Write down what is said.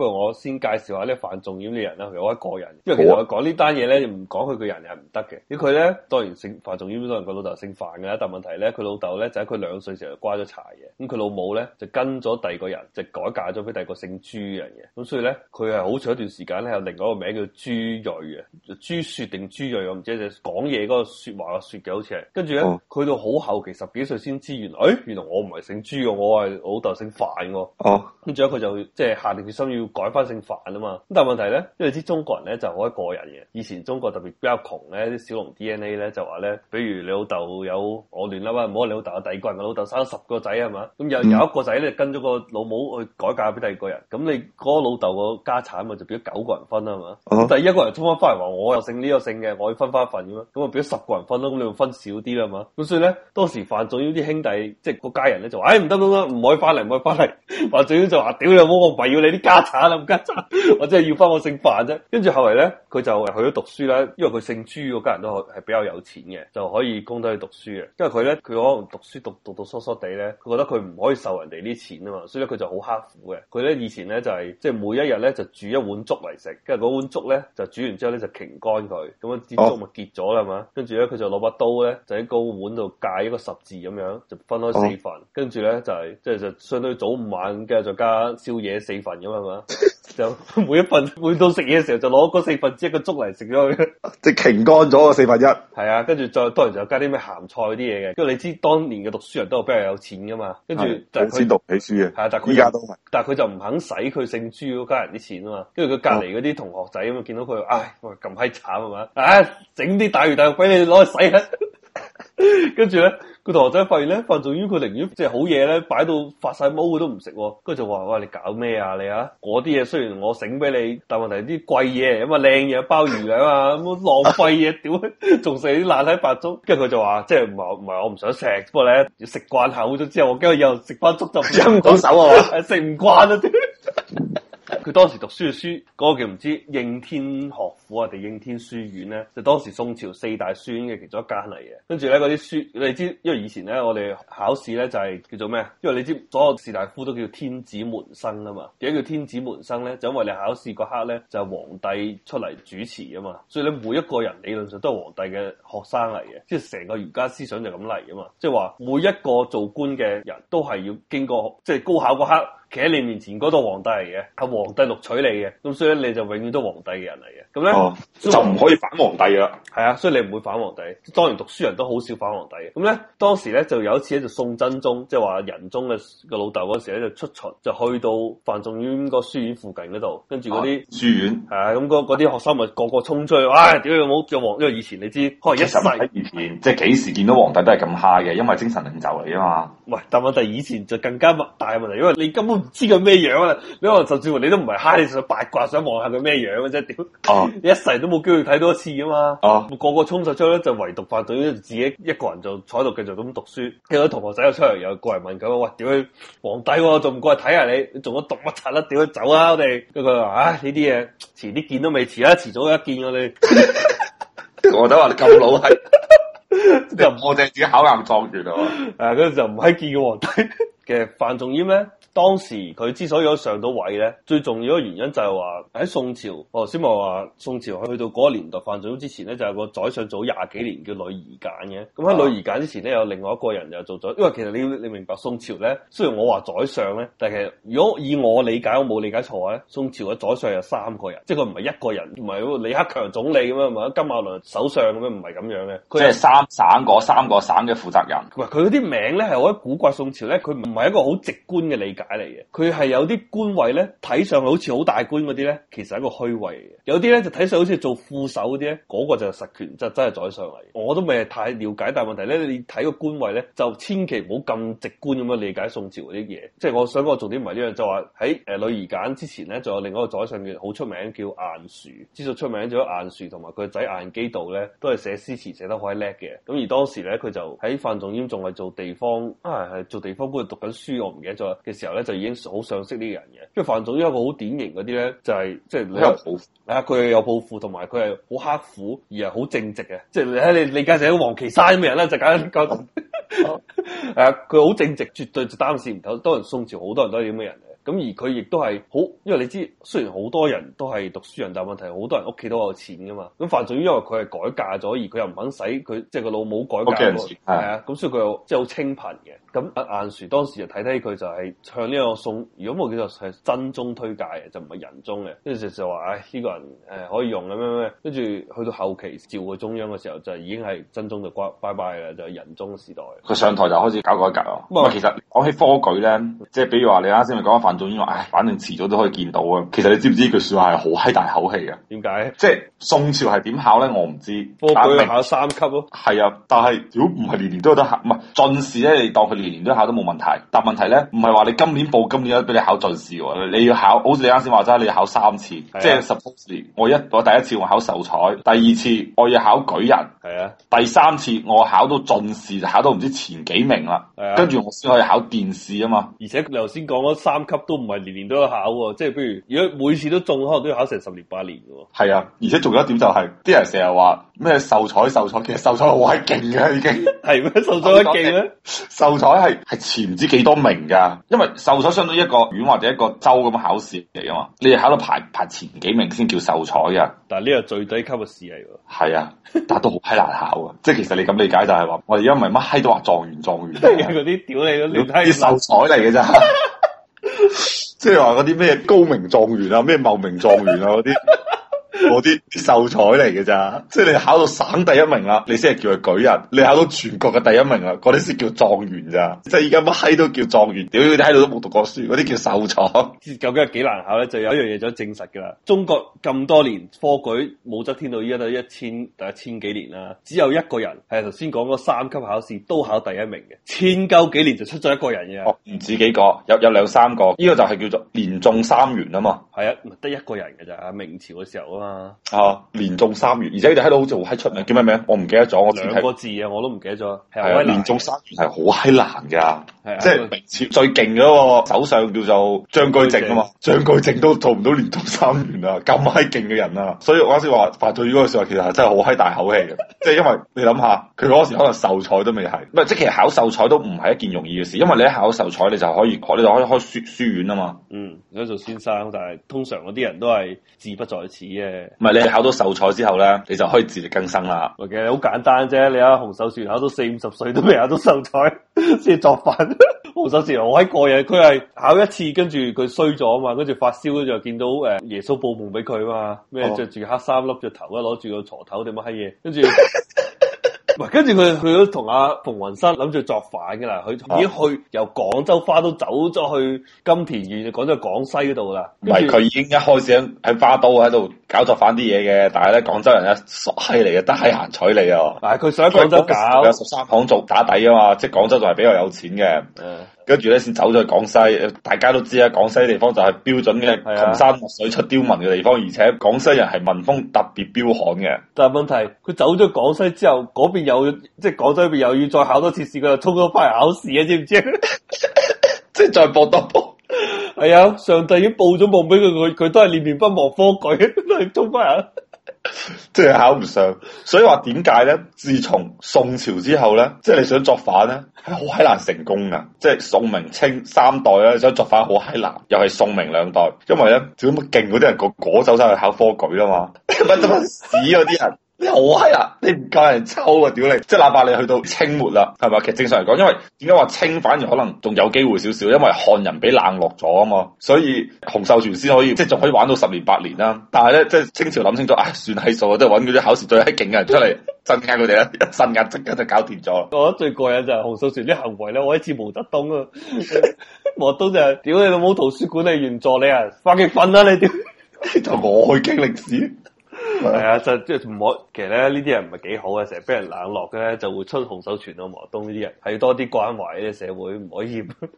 不如我先介紹下啲范仲淹呢人啦，譬如我一個人，因為其實我呢講呢單嘢咧，唔講佢個人又唔得嘅。因咁佢咧當然姓范仲淹，當然個老豆姓范嘅。但問題咧，佢老豆咧就喺、是、佢兩歲時候瓜咗柴嘢，咁佢老母咧就跟咗第二個人，就改嫁咗俾第二個姓朱嘅。咁所以咧，佢係好長一段時間咧，有另外一個名叫朱瑞啊。朱說定朱瑞，我唔知。就是、講嘢嗰個説話嘅説嘅，說好似係。跟住咧，佢到好後期十幾歲先知，原來，哎，原來我唔係姓朱嘅，我係老豆姓范嘅。哦、啊。咁之後佢就即係下定決心要。改翻姓范啊嘛，咁但係問題咧，因為啲中國人咧就好一個人嘅。以前中國特別比較窮咧，啲小農 DNA 咧就話咧，比如你老豆有我亂啦嘛，唔好話你老豆有第二個人個老豆生咗十個仔係嘛，咁有有一個仔咧跟咗個老母去改嫁俾第二個人，咁你嗰個老豆個家產咪就俾咗九個人分啦係嘛，咁、uh huh. 第一個人沖翻翻嚟，話我又姓呢個姓嘅，我要分翻一份嘅咩？咁啊俾咗十個人分咯，咁你要分少啲啦係嘛，咁所以咧當時范仲淹啲兄弟即係個家人咧就話，哎唔得唔得，唔可以翻嚟唔可以翻嚟，范仲淹就話，屌你， 老母，我唔係要你啲家產。打咁夾雜， 我即係要翻我姓范啫。跟住後嚟咧，佢就去咗讀書啦。因為佢姓朱嗰家人都係比較有錢嘅，就可以供得去讀書啦。因為佢咧，佢可能讀書讀讀到疏疏地咧，佢覺得佢唔可以受人哋啲錢啊嘛，所以咧佢就好刻苦嘅。佢咧以前咧就係、是、即係每一日咧就煮一碗粥嚟食，跟住嗰碗粥咧就煮完之後咧就晾乾佢，咁啊接粥咪結咗啦嘛。跟住咧佢就攞把刀咧就喺個碗度界一個十字咁樣，就分開四份。跟住咧就係即係就相當於早午晚跟住就加宵夜四份咁啊嘛。就每一份，每到食嘢嘅時候就攞嗰四分之一個粥嚟食咗佢，即係傾乾咗個四分一。係啊，跟住再當然就加啲咩鹹菜啲嘢嘅。跟住你知當年嘅讀書人都係比較有錢噶嘛，跟住就係佢讀起書嘅。係啊，但係佢依家都唔係，但係佢就唔肯使佢姓朱嗰家人啲錢啊嘛。跟住佢隔籬嗰啲同學仔咁啊，見到佢唉咁閪慘係嘛，唉整啲大魚大肉俾你攞去使。跟住咧。 個同學仔發現咧，范仲淹佢寧願即係好嘢咧，擺到發晒毛佢都唔食，跟住就話：，哇！你搞咩啊你啊？我啲嘢雖然我醒俾你，但問題啲貴嘢，咁啊靚嘢鮑魚啊嘛，咁啊浪費嘢，屌仲食啲爛閪白粥？跟住佢就話：，即係唔係唔係我唔想食，不過咧，食慣口咗之後，我驚又食翻粥就張唔到手啊！食唔 慣啊！佢當時讀書嘅書，嗰、那個叫唔知應天學府啊定應天書院咧，就是、當時宋朝四大書院嘅其中一間嚟嘅。跟住咧嗰啲書，你知因為以前咧我哋考試咧就係、是、叫做咩？因為你知所有士大夫都叫天子門生啊嘛，點解叫天子門生咧？就因為你考試嗰刻咧就係、是、皇帝出嚟主持啊嘛，所以你每一個人理論上都係皇帝嘅學生嚟嘅，即係成個儒家思想就咁嚟啊嘛，即係話每一個做官嘅人都係要經過即係、就是、高考嗰刻。企喺你面前嗰、那個皇帝嚟嘅，係皇帝錄取你嘅，咁所以你就永遠都皇帝嘅人嚟嘅，咁咧、哦、就唔可以反皇帝啦。係啊，所以你唔會反皇帝。當然讀書人都好少反皇帝嘅。咁咧當時咧就有一次咧，就宋真宗即係話仁宗嘅個老豆嗰時咧就出巡，就去到范仲淹個書院附近嗰度，跟住嗰啲書院係啊，咁嗰啲學生咪個，個個衝出去，哇、哎！屌有冇叫皇，因為以前你知可能一世以前，即係幾時見到皇帝都係咁蝦嘅，因為精神領袖嚟啊嘛。喂，但問題以前就更加大嘅問題，因為你根本。唔知佢咩樣啊！你話甚至乎你都唔係嗨，你想八卦想望下佢咩樣嘅啫、啊？屌，啊、你一世都冇機會睇多次啊嘛！個個衝實出去，就唯獨范仲淹自己一個人就坐喺度繼續咁讀書。有啲同學仔又出嚟，又過嚟問佢：，喂，屌你皇帝、啊，仲唔過嚟睇下你？你做咗讀乜柒啦？屌，走啊！我哋，佢話：，啊、哎，呢啲嘢遲啲見都未遲啊，遲早一見我哋。 你我都話你咁老係，又唔我哋自己考硬狀元啊！啊，跟住就唔開見過皇帝。嘅范仲淹咧，當時佢之所以可上到位咧，最重要嘅原因就係話喺宋朝，哦，先咪話宋朝去到嗰個年代，范仲淹之前咧就有個宰相，早廿幾年叫呂夷簡嘅。咁喺呂夷簡之前咧，有另外一個人又做咗，因為其實你你明白宋朝咧，雖然我話宰相咧，但係如果以我理解，我冇理解錯咧，宋朝嘅宰相有三個人，即係佢唔係一個人，唔係李克強總理咁樣，唔係金馬倫首相咁樣，唔係咁樣嘅。佢係三省嗰三個省嘅負責人。唔係佢嗰啲名咧係我覺得古怪，宋朝咧佢唔係。係一個好直觀嘅理解嚟嘅，佢係有啲官位咧，睇上去好似好大官嗰啲咧，其實係一個虛位嘅。有啲咧就睇上去好似做副手嗰啲咧，嗰、嗰個就實權，就是、真係宰相嚟。我都未太了解，但係問題咧，你睇個官位咧，就千祈唔好咁直觀咁樣理解宋朝啲嘢。即係我想我重點唔係呢樣，就話喺誒呂夷簡之前咧，仲有另一個宰相嘅好出名叫晏殊，之所以出名就晏殊同埋佢個仔晏幾道咧，都係寫詩詞寫得好叻嘅。咁而當時咧，佢就喺范仲淹仲係做地方啊，係、哎、做地方官讀緊。書我唔記得咗嘅時候咧，就已經好賞識呢個人嘅。即係范仲淹，一個好典型啲咧，就係即係你有抱負，哎，佢係有抱負，同埋佢係好刻苦而係好正直嘅。即、就、係、是、你睇你理解成黃岐山咁嘅人咧，就咁樣講。誒、 啊，佢好、啊、正直，絕對就擔屎唔偷。當然宋朝好多人都係啲咁嘅人。咁而佢亦都係好，因為你知雖然好多人都係讀書人，但係問題好多人屋企都有錢噶嘛。咁范仲淹因為佢係改嫁咗，而佢又唔肯使佢，即係個老母改嫁，係啊。咁所以佢又即係好清貧嘅。咁阿晏殊當時就睇睇佢就係唱呢個送，如果冇叫做係真宗推介嘅，就唔係仁宗嘅。跟住就就話唉呢、這個人誒，可以用咁樣咩？跟住去到後期召去中央嘅時候，就是、已經係真宗就瓜拜拜啦，就係仁宗時代。佢上台就開始搞改革咯。唔係但，其實講起科舉咧，即係比如話你啱先咪講范。所以話唉，反正遲早都可以見到啊。其實你知唔知佢句說話係好閪大口氣啊？點解？即係宋朝係點考咧？我唔知科舉我考三級咯。係啊，但係如果唔係年年都有得考，唔係進士咧，你當佢年年都考都冇問題。但問題咧，唔係話你今年報今年都俾你考進士，你要考，好似你啱先話齋，你要考三次，啊、即係十 u p 我一我第一次我考秀才，第二次我要考舉人，係啊，第三次我考到進士就考到唔知前幾名啦，啊、跟住我先可以考殿試啊嘛。而且你頭先講咗三級。都唔係年年都有考，即係譬如如果每次都中，可能都要考成十年八年嘅。係啊，而且仲有一點就係、是，啲人成日話咩秀才、秀才，其實秀才好閪勁嘅已經係咩秀才一勁咧？秀才係係前唔知幾多名噶，因為秀才相當於一個縣或者一個州咁樣考試嚟啊嘛，你哋考到排排前幾名先叫秀才啊，但係呢個最低級嘅試嚟，係啊，但都好艱難考啊。 即係其實你咁理解就係、是、話，我而家唔係乜閪都話狀元狀元，嗰啲屌你都你睇秀才嚟嘅咋？即係話嗰啲咩高明狀元啊，咩茂名狀元啊嗰啲。 嗰啲秀才嚟嘅咋，即係你考到省第一名啦，你先係叫佢舉人；你考到全國嘅第一名啦，嗰啲先叫狀元咋。即係而家乜閪都叫狀元，屌你哋喺度都冇讀過書，嗰啲叫秀才。究竟係幾難考咧？就有一樣嘢想證實㗎啦。中國咁多年科舉武則天到，依家都一千第一千幾年啦，只有一個人係頭先講嗰三級考試都考第一名嘅，千鳩幾年就出咗一個人嘅，唔止、哦、幾個，有有，有兩三個。呢、這個就係叫做中三元啊嘛，係啊，得一個人㗎咋？明朝嘅時候啊嘛，啊，連中三元，而且佢哋喺度好似好嗨出名，叫咩名？我唔記得咗，我兩個字啊，我都唔記得咗。係啊，啊連中三元係好嗨難啊，即係明朝最勁嗰個首相叫做張居正啊嘛，張居正，正都做唔到連中三元啊，咁嗨勁嘅人啊，所以我啱先話范仲淹嗰個時候，其實真係好嗨大口氣嘅，即係因為你諗下，佢嗰時可能秀才都未係，唔係，即係其實考秀才都唔係一件容易嘅事，因為你一考秀才，你就可以，你就可以開書書院啊嘛，嗯。而家做先生，但係通常嗰啲人都係志不在此嘅。唔係你考到秀才之後咧，你就可以自力更生啦。其實好簡單啫，你阿洪秀全考到四五十歲都未考到秀才先作反。洪秀全我喺個人，佢係考一次，跟住佢衰咗啊嘛，跟住發燒，跟住又見到誒耶穌報夢俾佢啊嘛，咩、oh. 着住黑衫，笠住頭，攞住個鋤頭點乜閪嘢，跟住。 唔跟住佢佢都同阿馮雲山諗住作反噶啦，佢已經去、啊、由廣州花都走咗去金田縣，就講咗廣西嗰度啦。唔係，佢已經一開始喺花都喺度搞作反啲嘢嘅，但係咧廣州人咧傻閪嚟嘅，得閪閒睬你啊。但係佢想喺廣州搞有十三行做打底啊嘛，即係廣州仲係比較有錢嘅。跟住咧先走咗去廣西，大家都知啊，廣西地方就係標準嘅窮、嗯、山惡水出刁民嘅地方，嗯、而且廣西人係民風特別彪悍嘅。但係問題，佢走咗廣西之後，嗰邊又即係廣州呢邊又要再考多次試，佢就衝咗翻嚟考試啊？知唔知？ 即係再報多報係啊！上帝已經報咗報俾佢，佢佢都係念念不忘科舉，都係衝翻嚟， 即係考唔上。所以話點解咧？自從宋朝之後咧，即係你想作反咧，係好閪難成功噶。即係宋明清三代咧想作反好閪難，又係宋明兩代，因為咧點解勁嗰啲人、個個走晒去考科舉啊嘛？乜都死嗰啲人。又係啦，你唔夠人抽啊！屌你，即係哪怕你去到清末啦，係嘛？其實正常嚟講，因為點解話清反而可能仲有機會少少，因為漢人俾冷落咗啊嘛，所以洪秀全先可以，即係仲可以玩到十年八年啦，啊。但係咧，即係清朝諗清楚，唉、哎，算係數，即係揾嗰啲考試最勁嘅人出嚟鎮壓佢哋啦， 一鎮壓即刻就搞掂咗。我覺得最過癮就係洪秀全啲行為咧，我一似毛澤東啊， 毛澤東屌、就是、你，冇圖書館你援助你啊，翻極訓啦你屌、啊，就 我去傾歷史。係啊，就即係唔可，其實咧呢啲人唔係幾好嘅，成日俾人冷落嘅咧，就會出紅手傳到磨東呢啲人，係要多啲關懷呢啲社會，唔可以。